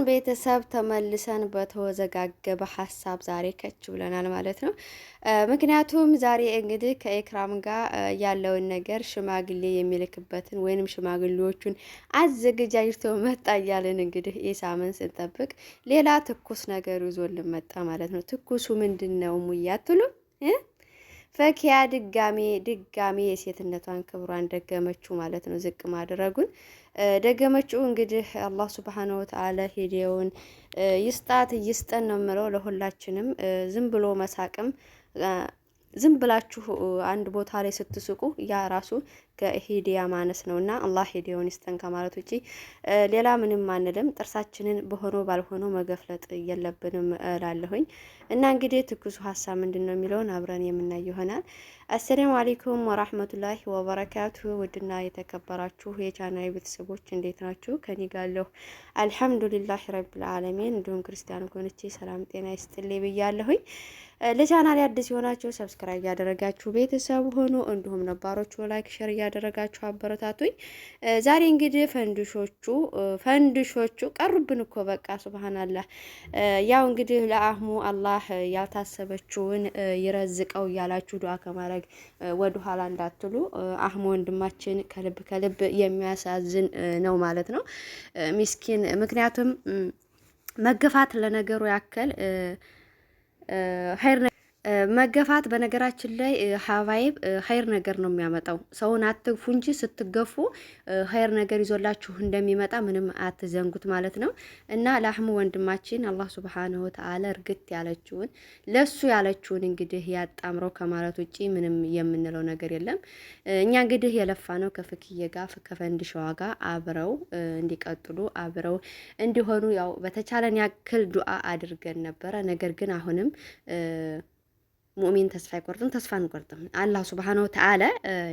አሁን ቤተሰብ ተመልሰን በተወዘጋገበ ሀሳብ ዛሬ ከች ብለናል ማለት ነው። ምክንያቱም ዛሬ እንግዲህ ከኤክራም ጋር ያለውን ነገር ሽማግሌ የሚልክበትን ወይንም ሽማግሌዎቹን አዘገጃጅቶ መጣ እያልን እንግዲህ ኢሳምን ስንጠብቅ ሌላ ትኩስ ነገር ይዞልን መጣ ማለት ነው። ትኩሱ ምንድን ነው ሙያትሉ ፈኪያ ድጋሜ ድጋሜ የሴትነቷን ክብሯን ደገመችው ማለት ነው። ዝቅ ማድረጉን ደገመችው። እንግዲህ አላህ ሱብሓነሁ ወተዓላ ሂዲየውን ይስጣት ይስጠን ነው የምለው ለሁላችንም። ዝም ብሎ መሳቅም ዝም ብላችሁ አንድ ቦታ ላይ ስትስቁ ያ ራሱ ከሂዲያ ማነስ ነው እና አላህ ሂዲያውን ይስጠን ከማለት ውጪ ሌላ ምንም አንልም። ጥርሳችንን በሆኖ ባልሆኖ መገፍለጥ የለብንም እላለሁኝ። እና እንግዲህ ትኩሱ ሀሳብ ምንድን ነው የሚለውን አብረን የምናይ ይሆናል። አሰላሙ አሌይኩም ወራህመቱላሂ ወበረካቱ። ውድና የተከበራችሁ የቻናል ቤተሰቦች እንዴት ናችሁ? ከኔ ጋለሁ አልሐምዱሊላህ ረብል ዓለሚን። እንዲሁም ክርስቲያን ጎንቼ ሰላም ጤና ይስጥልኝ ብያለሁኝ። ለቻናል አዲስ የሆናችሁ ሰብስክራይብ ያደረጋችሁ ቤተሰብ ሆኖ እንዲሁም ነባሮቹ ላይክ ሼር እያደረጋችሁ አበረታቱኝ። ዛሬ እንግዲህ ፈንድሾቹ ፈንድሾቹ ቀሩብን እኮ በቃ ሱብሃንአላህ። ያው እንግዲህ ለአህሙ አላህ ያልታሰበችውን ይረዝቀው እያላችሁ ዱዓ ከማድረግ ወደ ኋላ እንዳትሉ። አህሙ ወንድማችን ከልብ ከልብ የሚያሳዝን ነው ማለት ነው። ሚስኪን ምክንያቱም መገፋት ለነገሩ ያክል ሀይር መገፋት በነገራችን ላይ ሀባይብ ሀይር ነገር ነው የሚያመጣው። ሰውን አትግፉ እንጂ ስትገፉ ሀይር ነገር ይዞላችሁ እንደሚመጣ ምንም አትዘንጉት ማለት ነው። እና ለአህሙ ወንድማችን አላህ ሱብሓነሁ ወተዓላ እርግት ያለችውን ለሱ ያለችውን እንግዲህ ያጣምረው ከማለት ውጭ ምንም የምንለው ነገር የለም። እኛ እንግዲህ የለፋ ነው ከፍክዬ ጋር ከፈንድሻዋ ጋር አብረው እንዲቀጥሉ አብረው እንዲሆኑ ያው በተቻለን ያክል ዱአ አድርገን ነበረ። ነገር ግን አሁንም ሙእሚን ተስፋ አይቆርጥም፣ ተስፋ አንቆርጥም። አላህ ሱብሃነሁ ወተዓላ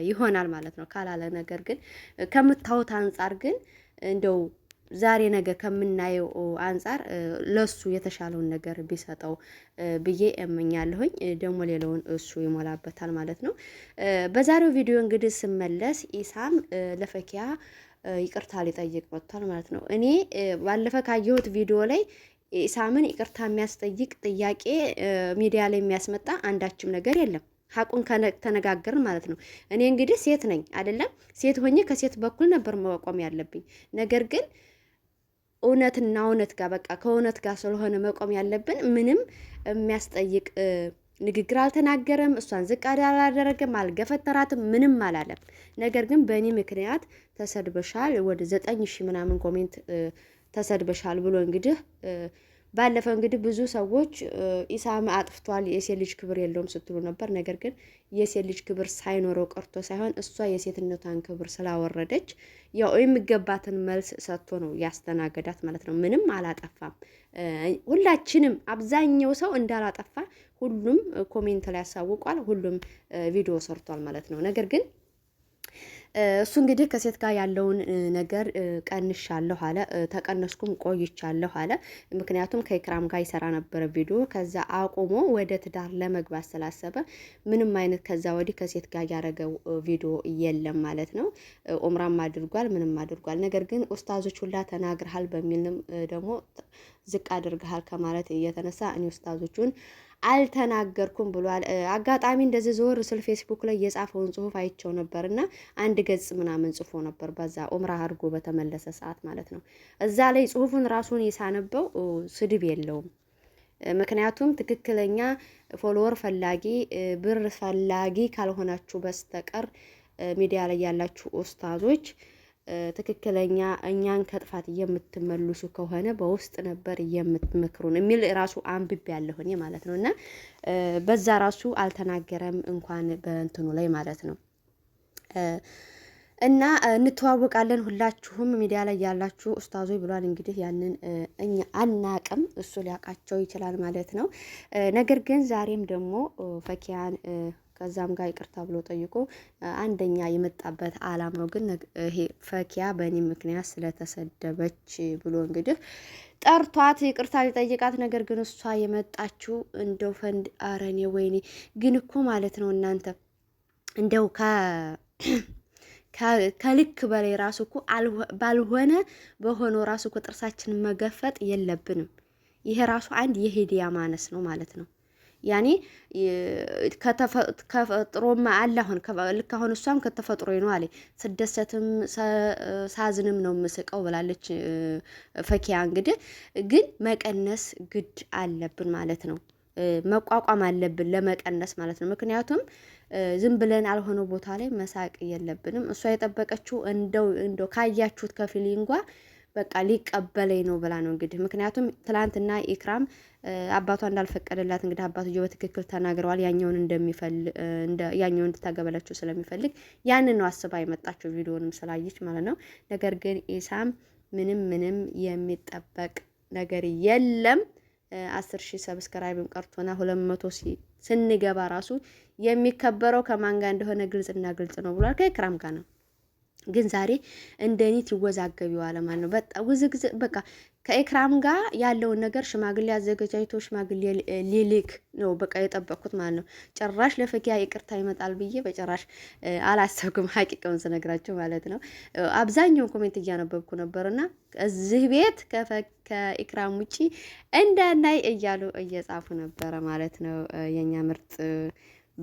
ይሆናል ማለት ነው ካላለ ነገር ግን ከምታዩት አንጻር ግን እንደው ዛሬ ነገ ከምናየው አንጻር ለሱ የተሻለውን ነገር ቢሰጠው ብዬ እመኛለሁኝ። ደግሞ ሌላውን እሱ ይሞላበታል ማለት ነው። በዛሬው ቪዲዮ እንግዲህ ስመለስ ኢሳም ለፈኪያ ይቅርታ ሊጠይቅ መጥቷል ማለት ነው። እኔ ባለፈ ካየሁት ቪዲዮ ላይ ኢሳምን ይቅርታ የሚያስጠይቅ ጥያቄ ሚዲያ ላይ የሚያስመጣ አንዳችም ነገር የለም። ሀቁን ተነጋገርን ማለት ነው። እኔ እንግዲህ ሴት ነኝ አይደለም፣ ሴት ሆኜ ከሴት በኩል ነበር መቆም ያለብኝ። ነገር ግን እውነትና እውነት ጋር በቃ ከእውነት ጋር ስለሆነ መቆም ያለብን። ምንም የሚያስጠይቅ ንግግር አልተናገረም። እሷን ዝቅ አላደረገም፣ አልገፈተራትም፣ ምንም አላለም። ነገር ግን በእኔ ምክንያት ተሰድበሻል ወደ ዘጠኝ ሺህ ምናምን ኮሜንት ተሰድበሻል ብሎ እንግዲህ ባለፈው እንግዲህ ብዙ ሰዎች ኢሳም አጥፍቷል፣ የሴት ልጅ ክብር የለውም ስትሉ ነበር። ነገር ግን የሴት ልጅ ክብር ሳይኖረው ቀርቶ ሳይሆን እሷ የሴትነቷን ክብር ስላወረደች ያው የሚገባትን መልስ ሰጥቶ ነው ያስተናገዳት ማለት ነው። ምንም አላጠፋም። ሁላችንም አብዛኛው ሰው እንዳላጠፋ ሁሉም ኮሜንት ላይ ያሳውቋል፣ ሁሉም ቪዲዮ ሰርቷል ማለት ነው። ነገር ግን እሱ እንግዲህ ከሴት ጋር ያለውን ነገር ቀንሻለሁ አለ። ተቀነስኩም ቆይቻለሁ አለ። ምክንያቱም ከኢክራም ጋር ይሰራ ነበረ ቪዲዮ። ከዛ አቁሞ ወደ ትዳር ለመግባት ስላሰበ ምንም አይነት ከዛ ወዲህ ከሴት ጋር ያደረገው ቪዲዮ የለም ማለት ነው። ኦምራም አድርጓል፣ ምንም አድርጓል። ነገር ግን ኡስታዞች ሁላ ተናግረሃል በሚልም ደግሞ ዝቅ አድርገሃል ከማለት እየተነሳ እኔ ኡስታዞቹን አልተናገርኩም ብሏል። አጋጣሚ እንደዚህ ዞር ስል ፌስቡክ ላይ የጻፈውን ጽሁፍ አይቸው ነበር እና አንድ ገጽ ምናምን ጽፎ ነበር በዛ ኡምራ አድርጎ በተመለሰ ሰዓት ማለት ነው። እዛ ላይ ጽሁፉን ራሱን የሳነበው ስድብ የለውም። ምክንያቱም ትክክለኛ ፎሎወር ፈላጊ ብር ፈላጊ ካልሆናችሁ በስተቀር ሚዲያ ላይ ያላችሁ ኡስታዞች ትክክለኛ እኛን ከጥፋት የምትመልሱ ከሆነ በውስጥ ነበር የምትመክሩን የሚል ራሱ አንብቤ ያለሁ እኔ ማለት ነው። እና በዛ ራሱ አልተናገረም እንኳን በእንትኑ ላይ ማለት ነው። እና እንተዋወቃለን ሁላችሁም ሚዲያ ላይ ያላችሁ ኡስታዞ ብሏል። እንግዲህ ያንን እኛ አናቅም፣ እሱ ሊያውቃቸው ይችላል ማለት ነው። ነገር ግን ዛሬም ደግሞ ፈኪያን ከዛም ጋር ይቅርታ ብሎ ጠይቆ አንደኛ የመጣበት አላማው ግን ይሄ ፈኪያ በእኔ ምክንያት ስለተሰደበች ብሎ እንግዲህ ጠርቷት ይቅርታ ሊጠይቃት፣ ነገር ግን እሷ የመጣችው እንደው ፈንድ አረኔ ወይኔ ግን እኮ ማለት ነው እናንተ እንደው ከልክ በላይ ራሱ እኮ ባልሆነ በሆነው ራሱ እኮ ጥርሳችንን መገፈጥ የለብንም። ይሄ ራሱ አንድ የሄድያ ማነስ ነው ማለት ነው። ያኔ ከተፈጥሮማ አለ አሁን ልክ አሁን እሷም ከተፈጥሮ ነው አለ ስደሰትም ሳዝንም ነው የምስቀው ብላለች ፈኪያ። እንግዲህ ግን መቀነስ ግድ አለብን ማለት ነው፣ መቋቋም አለብን ለመቀነስ ማለት ነው። ምክንያቱም ዝም ብለን አልሆነው ቦታ ላይ መሳቅ የለብንም። እሷ የጠበቀችው እንደው እንደው ካያችሁት ከፊሊንጓ በቃ ሊቀበለኝ ነው ብላ ነው እንግዲህ። ምክንያቱም ትላንትና ኢክራም አባቷ እንዳልፈቀደላት እንግዲህ አባትዮ በትክክል ተናግረዋል። ያኛውን እንደሚፈልግ ያኛውን እንድታገበለችው ስለሚፈልግ ያንን ነው አስባ የመጣቸው ቪዲዮንም ስላየች ማለት ነው። ነገር ግን ኢሳም ምንም ምንም የሚጠበቅ ነገር የለም። አስር ሺህ ሰብስክራይብም ቀርቶና ሁለት መቶ ስንገባ ራሱ የሚከበረው ከማን ጋር እንደሆነ ግልጽና ግልጽ ነው ብሏል። ከኢክራም ጋር ነው። ግን ዛሬ እንደኔ ትወዛገብ ይዋለ ማለት ነው። በጣም ውዝግዝ በቃ ከኤክራም ጋር ያለውን ነገር ሽማግሌ አዘገጃጅቶ ሽማግሌ ሊልክ ነው በቃ የጠበቅኩት ማለት ነው። ጭራሽ ለፈኪያ ይቅርታ ይመጣል ብዬ በጭራሽ አላሰብኩም፣ ሀቂቀውን ስነግራቸው ማለት ነው። አብዛኛውን ኮሜንት እያነበብኩ ነበርና እዚህ ቤት ከኤክራም ውጪ እንዳናይ እያሉ እየጻፉ ነበረ ማለት ነው የእኛ ምርጥ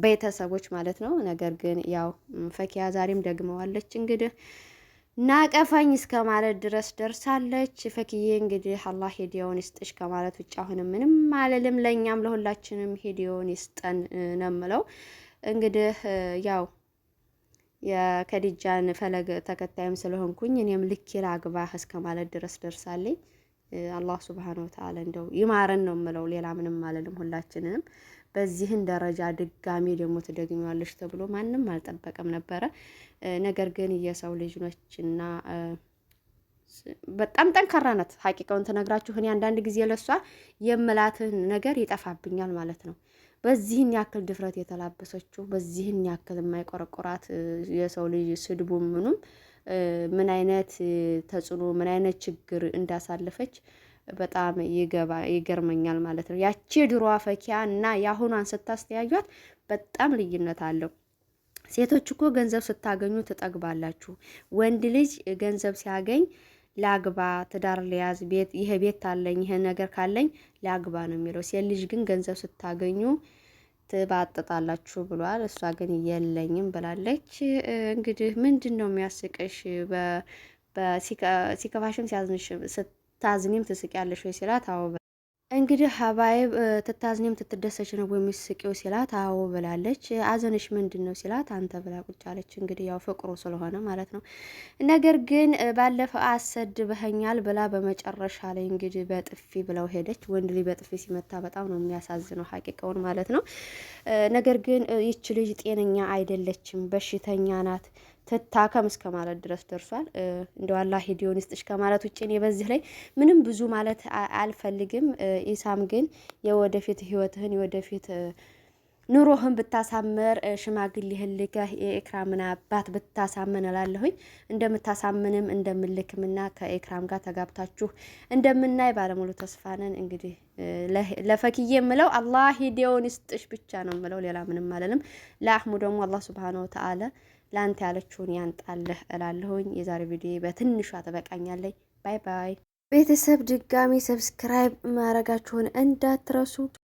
ቤተሰቦች ማለት ነው። ነገር ግን ያው ፈኪያ ዛሬም ደግመዋለች እንግዲህ ናቀፈኝ እስከ ማለት ድረስ ደርሳለች። ፈክዬ እንግዲህ አላህ ሄዲዮን ይስጥሽ ከማለት ውጭ አሁንም ምንም አልልም። ለእኛም ለሁላችንም ሄዲዮን ይስጠን ነው የምለው። እንግዲህ ያው የከዲጃን ፈለግ ተከታይም ስለሆንኩኝ እኔም ልኬ ላግባህ እስከ ማለት ድረስ ደርሳለኝ። አላህ ሱብሃነ ወተዓላ እንደው ይማረን ነው የምለው። ሌላ ምንም አልልም። ሁላችንንም በዚህን ደረጃ ድጋሚ ደግሞ ትደግሚዋለሽ ተብሎ ማንም አልጠበቀም ነበረ። ነገር ግን የሰው ልጅ ነችና በጣም ጠንካራ ናት። ሀቂቀውን ተነግራችሁ እኔ አንዳንድ ጊዜ ለሷ የምላትን ነገር ይጠፋብኛል ማለት ነው። በዚህን ያክል ድፍረት የተላበሰችው በዚህን ያክል የማይቆረቆራት የሰው ልጅ ስድቡ ምኑም ምን አይነት ተጽዕኖ ምን አይነት ችግር እንዳሳለፈች በጣም ይገባ ይገርመኛል ማለት ነው። ያቺ የድሮ ፈኪያ እና የአሁኗን ስታስተያዩት በጣም ልዩነት አለው። ሴቶች እኮ ገንዘብ ስታገኙ ትጠግባላችሁ። ወንድ ልጅ ገንዘብ ሲያገኝ ላግባ፣ ትዳር ሊያዝ፣ ቤት ይሄ ቤት አለኝ ይሄ ነገር ካለኝ ላግባ ነው የሚለው። ሴት ልጅ ግን ገንዘብ ስታገኙ ትባጥጣላችሁ ብሏል። እሷ ግን የለኝም ብላለች። እንግዲህ ምንድን ነው የሚያስቀሽ? ሲከፋሽም ሲያዝንሽ ታዝኒም ትስቂያለሽ ወይ ሲላት አዎ እንግዲህ ሀባይብ ትታዝኒም ትትደሰች ነው የሚስቂው ሲላት አዎ ብላለች። አዘንሽ ምንድን ነው ሲላት አንተ ብላ ቁጭ አለች። እንግዲህ ያው ፍቅሩ ስለሆነ ማለት ነው። ነገር ግን ባለፈው አሰድበኸኛል ብላ በመጨረሻ ላይ እንግዲህ በጥፊ ብለው ሄደች። ወንድ ልጅ በጥፊ ሲመታ በጣም ነው የሚያሳዝነው ሀቂቃውን ማለት ነው። ነገር ግን ይች ልጅ ጤነኛ አይደለችም፣ በሽተኛ ናት። ትታከም እስከ ማለት ድረስ ደርሷል። እንደው አላህ ሂዳያውን ይስጥሽ ከማለት ውጭ እኔ በዚህ ላይ ምንም ብዙ ማለት አልፈልግም። ኢሳም ግን የወደፊት ህይወትህን የወደፊት ኑሮህን ብታሳምር ሽማግሌህን ልከህ የኤክራምን አባት ብታሳምን እላለሁኝ። እንደምታሳምንም እና ከኤክራም ጋር ተጋብታችሁ እንደምናይ ባለሙሉ ተስፋ ነን። እንግዲህ ለፈክዬ የምለው አላህ ሂዳያውን ይስጥሽ ብቻ ነው የምለው፣ ሌላ ምንም አለንም። ለአህሙ ደግሞ አላህ ስብሃነ ወተዓላ ለአንተ ያለችውን ያንጣልህ እላለሁኝ። የዛሬ ቪዲዮ በትንሿ ትበቃኛለኝ። ባይ ባይ ቤተሰብ። ድጋሚ ሰብስክራይብ ማድረጋችሁን እንዳትረሱ።